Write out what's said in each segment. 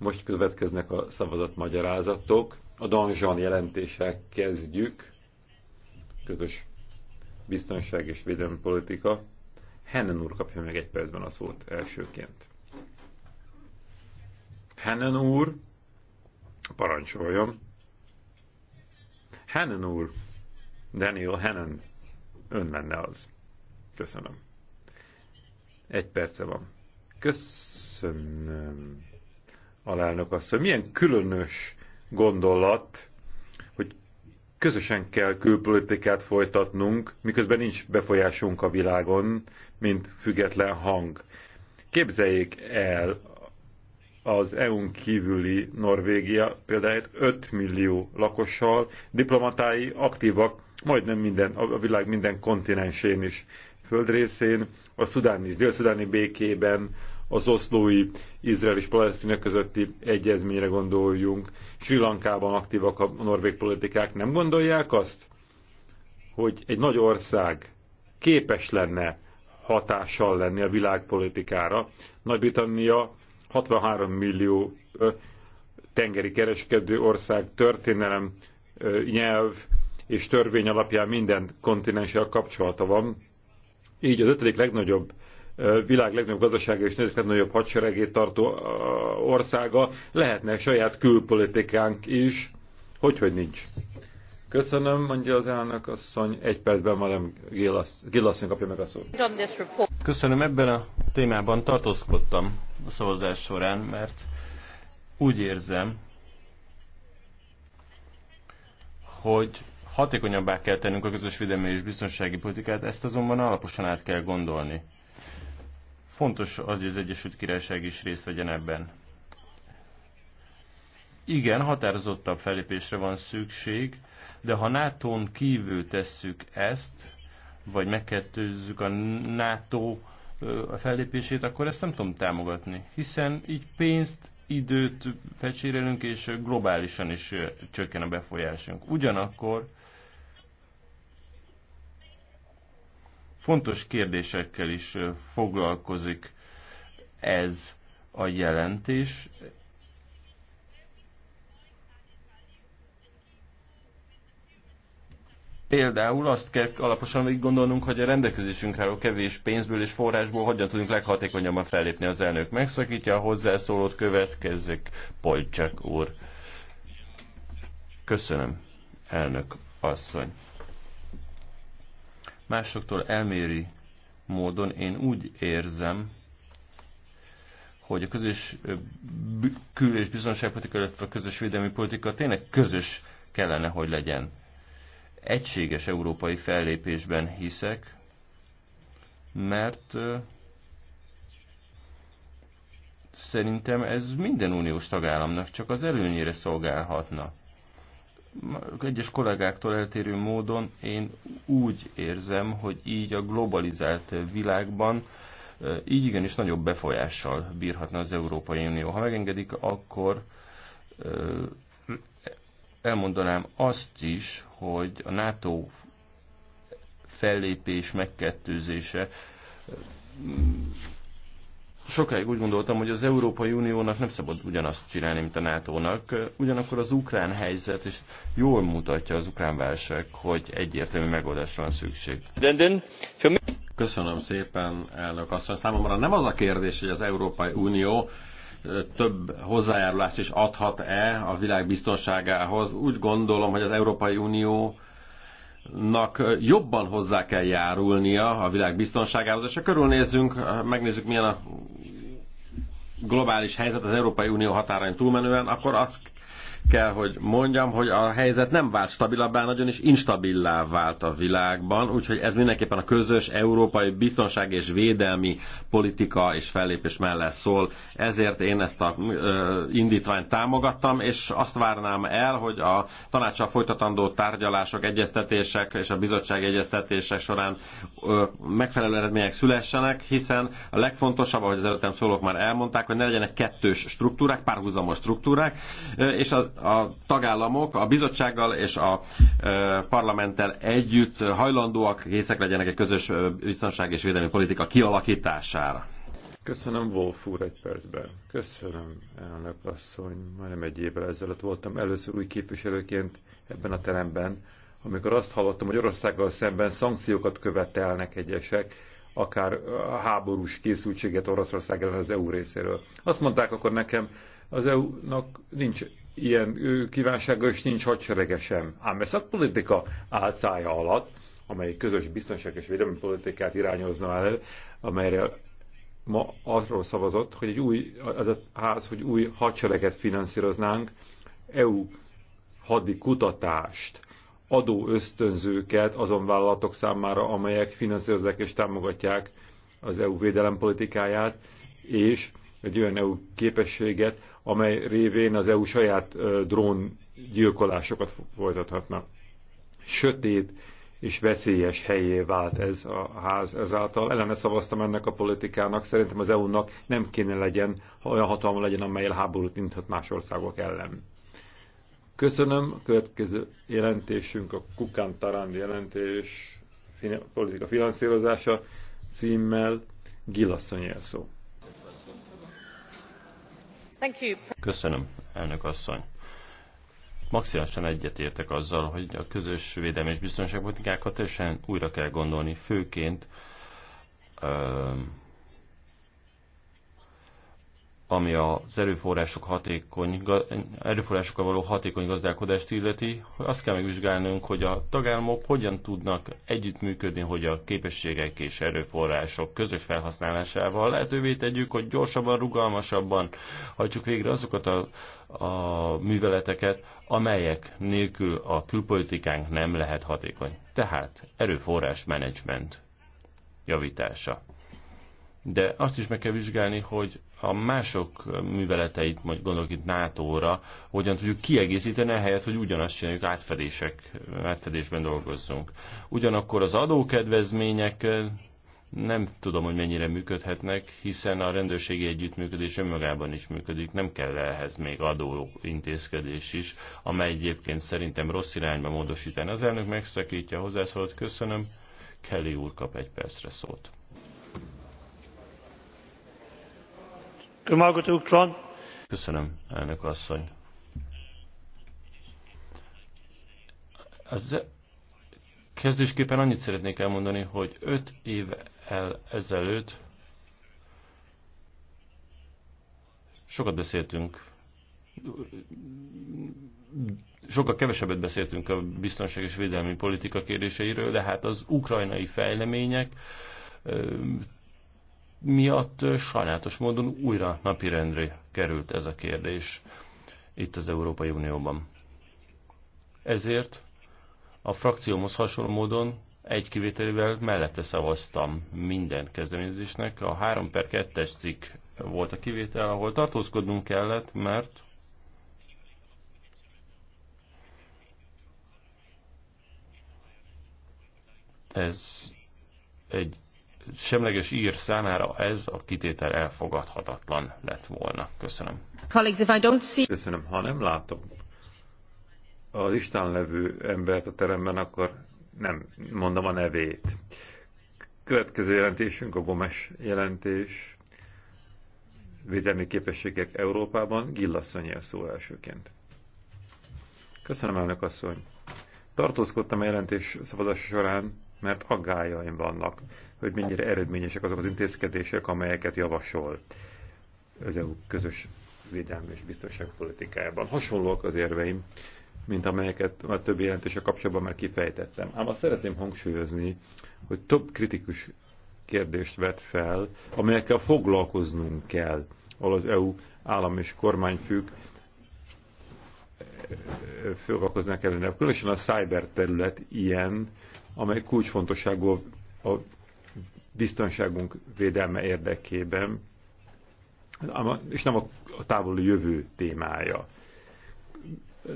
Most következnek a szavazat magyarázatok. A Danzsan jelentéssel kezdjük. Közös biztonság és védelmi politika. Hennen úr kapja meg egy percben a szót elsőként. Hennen úr, parancsoljon. Hennen úr, Daniel Hennen, ön lenne az. Köszönöm. Egy perce van. Köszönöm alelnök asszony. Milyen különös gondolat, hogy közösen kell külpolitikát folytatnunk, miközben nincs befolyásunk a világon, mint független hang. Képzeljék el az EU-n kívüli Norvégia példáját 5 millió lakossal, diplomatái aktívak majdnem minden, a világ minden kontinensén is, földrészén, a szudáni, dél-szudáni békében, az oszlói Izrael és Palesztina közötti egyezményre gondoljunk. Sri Lankában aktívak a norvég politikák. Nem gondolják azt, hogy egy nagy ország képes lenne hatással lenni a világpolitikára. Nagy-Britannia 63 millió tengeri kereskedő ország történelem, nyelv és törvény alapján minden kontinenssel kapcsolata van. Így az ötödik legnagyobb világ legnagyobb gazdasága és legnagyobb hadseregét tartó országa, lehetne saját külpolitikánk is, hogy, hogy nincs. Köszönöm, mondja az elnök asszony. Egy percben már nem Gillasszony kapja meg a szót. Köszönöm, ebben a témában tartózkodtam a szavazás során, mert úgy érzem, hogy hatékonyabbá kell tennünk a közös védelmi és biztonsági politikát, ezt azonban alaposan át kell gondolni. Fontos, hogy az Egyesült Királyság is részt vegyen ebben. Igen, határozottabb felépésre van szükség, de ha NATO-n kívül tesszük ezt, vagy megkettőzzük a NATO a fellépését, akkor ezt nem tudom támogatni, hiszen így pénzt, időt fecsérelünk, és globálisan is csökken a befolyásunk. Ugyanakkor Fontos kérdésekkel is foglalkozik ez a jelentés. Például azt kell alaposan még gondolnunk, hogy a rendelkezésünkre álló kevés pénzből és forrásból hogyan tudunk leghatékonyabban fellépni az elnök. Megszakítja a hozzászólót, következik Polcsák úr. Köszönöm, elnök asszony másoktól elméri módon én úgy érzem, hogy a közös kül- és bizonságpolitika, illetve a közös védelmi politika tényleg közös kellene, hogy legyen. Egységes európai fellépésben hiszek, mert szerintem ez minden uniós tagállamnak csak az előnyére szolgálhatna egyes kollégáktól eltérő módon én úgy érzem, hogy így a globalizált világban eh, így igenis nagyobb befolyással bírhatna az Európai Unió. Ha megengedik, akkor eh, elmondanám azt is, hogy a NATO fellépés megkettőzése eh, sokáig úgy gondoltam, hogy az Európai Uniónak nem szabad ugyanazt csinálni, mint a NATO-nak. Ugyanakkor az ukrán helyzet is jól mutatja az ukrán válság, hogy egyértelmű megoldásra van szükség. Köszönöm szépen, elnök asszony. Számomra nem az a kérdés, hogy az Európai Unió több hozzájárulást is adhat-e a világ biztonságához. Úgy gondolom, hogy az Európai Unió nak jobban hozzá kell járulnia a világ biztonságához, és ha körülnézzünk, megnézzük milyen a globális helyzet az Európai Unió határain túlmenően, akkor azt kell, hogy mondjam, hogy a helyzet nem vált stabilabbá, nagyon is instabillá vált a világban, úgyhogy ez mindenképpen a közös európai biztonság és védelmi politika és fellépés mellett szól. Ezért én ezt a ö, indítványt támogattam, és azt várnám el, hogy a tanácsa folytatandó tárgyalások, egyeztetések és a bizottság egyeztetések során ö, megfelelő eredmények szülessenek, hiszen a legfontosabb, ahogy az előttem szólók már elmondták, hogy ne legyenek kettős struktúrák, párhuzamos struktúrák, és az a tagállamok a bizottsággal és a parlamenttel együtt hajlandóak, készek legyenek egy közös biztonság és védelmi politika kialakítására. Köszönöm, Wolf úr, egy percben. Köszönöm, elnök asszony. Majdnem egy évvel ezelőtt voltam először új képviselőként ebben a teremben, amikor azt hallottam, hogy Oroszággal szemben szankciókat követelnek egyesek, akár háborús készültséget Oroszország ellen az EU részéről. Azt mondták akkor nekem, az EU-nak nincs ilyen kívánsága is nincs hadserege sem. Ám a szakpolitika álcája alatt, amely közös biztonság és védelmi politikát irányozna elő, amelyre ma arról szavazott, hogy egy új, az a ház, hogy új hadsereget finanszíroznánk, EU hadi kutatást, adó ösztönzőket azon vállalatok számára, amelyek finanszírozzák és támogatják az EU védelempolitikáját, és egy olyan EU képességet, amely révén az EU saját drón gyilkolásokat folytathatna. Sötét és veszélyes helyé vált ez a ház ezáltal. Ellene szavaztam ennek a politikának. Szerintem az EU-nak nem kéne legyen, ha olyan hatalma legyen, amelyel háborút indhat más országok ellen. Köszönöm. A következő jelentésünk a Kukán Tarand jelentés politika finanszírozása címmel Gilasszonyi szó. Köszönöm, elnök asszony. Maximálisan egyetértek azzal, hogy a közös védelmi és biztonságpolitikákat teljesen újra kell gondolni, főként ami az erőforrások hatékony, erőforrásokkal való hatékony gazdálkodást illeti, azt kell megvizsgálnunk, hogy a tagállamok hogyan tudnak együttműködni, hogy a képességek és erőforrások közös felhasználásával lehetővé tegyük, hogy gyorsabban, rugalmasabban hagyjuk végre azokat a, a műveleteket, amelyek nélkül a külpolitikánk nem lehet hatékony. Tehát erőforrás menedzsment javítása de azt is meg kell vizsgálni, hogy a mások műveleteit, majd gondolok itt NATO-ra, hogyan tudjuk kiegészíteni, helyet, hogy ugyanazt csináljuk, átfedések, átfedésben dolgozzunk. Ugyanakkor az adókedvezmények eh, nem tudom, hogy mennyire működhetnek, hiszen a rendőrségi együttműködés önmagában is működik, nem kell ehhez még adó intézkedés is, amely egyébként szerintem rossz irányba módosítani. Az elnök megszakítja a hozzászólót, köszönöm. Kelly úr kap egy percre szót. Köszönöm, elnök asszony. Az kezdésképpen annyit szeretnék elmondani, hogy öt év el ezelőtt sokat beszéltünk, sokkal kevesebbet beszéltünk a biztonság és védelmi politika kérdéseiről, de hát az ukrajnai fejlemények miatt sajnálatos módon újra napirendre került ez a kérdés itt az Európai Unióban. Ezért a frakciómhoz hasonló módon egy kivételével mellette szavaztam minden kezdeményezésnek. A 3 per 2-es cikk volt a kivétel, ahol tartózkodnunk kellett, mert ez egy semleges ír számára ez a kitétel elfogadhatatlan lett volna. Köszönöm. Köszönöm. Ha nem látom a listán levő embert a teremben, akkor nem mondom a nevét. Következő jelentésünk a Gomes jelentés. Védelmi képességek Európában. Gillasszonyi a szó elsőként. Köszönöm, elnök asszony. Tartózkodtam a jelentés szavazása során, mert aggályaim vannak, hogy mennyire eredményesek azok az intézkedések, amelyeket javasol az EU közös védelmi és biztonságpolitikájában. Hasonlóak az érveim, mint amelyeket a többi jelentése kapcsolatban már kifejtettem. Ám azt szeretném hangsúlyozni, hogy több kritikus kérdést vet fel, amelyekkel foglalkoznunk kell, ahol az EU állam és kormányfők eh, foglalkoznak kellene. Különösen a cyber terület ilyen, amely kulcsfontosságú a biztonságunk védelme érdekében, és nem a távoli jövő témája.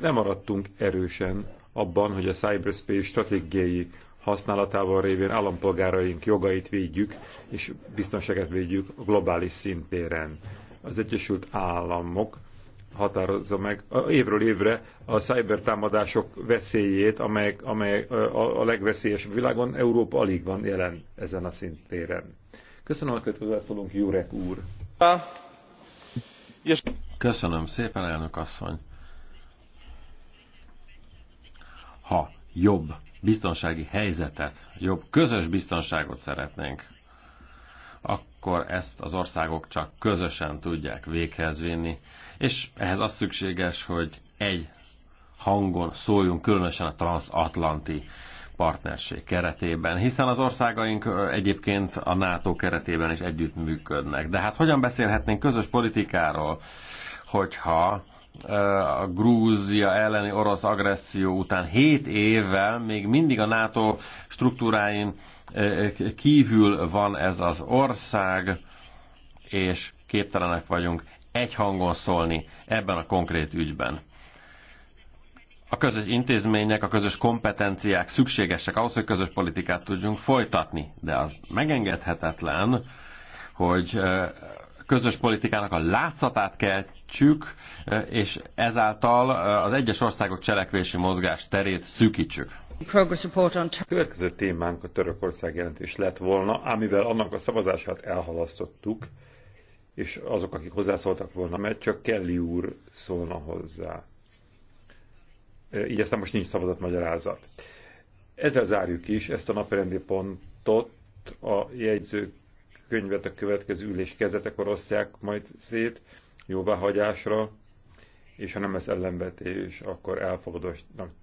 Nem maradtunk erősen abban, hogy a cyberspace stratégiai használatával révén állampolgáraink jogait védjük, és biztonságát védjük globális szintéren. Az Egyesült Államok határozza meg évről évre a cyber támadások veszélyét, amely amely a, legveszélyes legveszélyesebb világon, Európa alig van jelen ezen a szintéren. Köszönöm a következőszólónk, Jurek úr. Köszönöm szépen, elnök asszony. Ha jobb biztonsági helyzetet, jobb közös biztonságot szeretnénk akkor ezt az országok csak közösen tudják véghez vinni. És ehhez az szükséges, hogy egy hangon szóljunk, különösen a transatlanti partnerség keretében, hiszen az országaink egyébként a NATO keretében is együttműködnek. De hát hogyan beszélhetnénk közös politikáról, hogyha Eh, a Grúzia elleni orosz agresszió után 7 évvel még mindig a NATO struktúráin eh, kívül van ez az ország, és képtelenek vagyunk egy hangon szólni ebben a konkrét ügyben. A közös intézmények, a közös kompetenciák szükségesek ahhoz, hogy közös politikát tudjunk folytatni, de az megengedhetetlen, hogy eh, közös politikának a látszatát keltsük, e, és ezáltal e, az egyes országok cselekvési mozgás terét szűkítsük. Következő témánk a Törökország jelentés lett volna, amivel annak a szavazását elhalasztottuk, és azok, akik hozzászóltak volna, mert csak Kelly úr szólna hozzá. E, így aztán most nincs szavazatmagyarázat. Ezzel zárjuk is ezt a napirendi pontot a jegyzők könyvet a következő ülés kezetekor osztják majd szét jóváhagyásra, és ha nem lesz ellenvetés, akkor elfogadottnak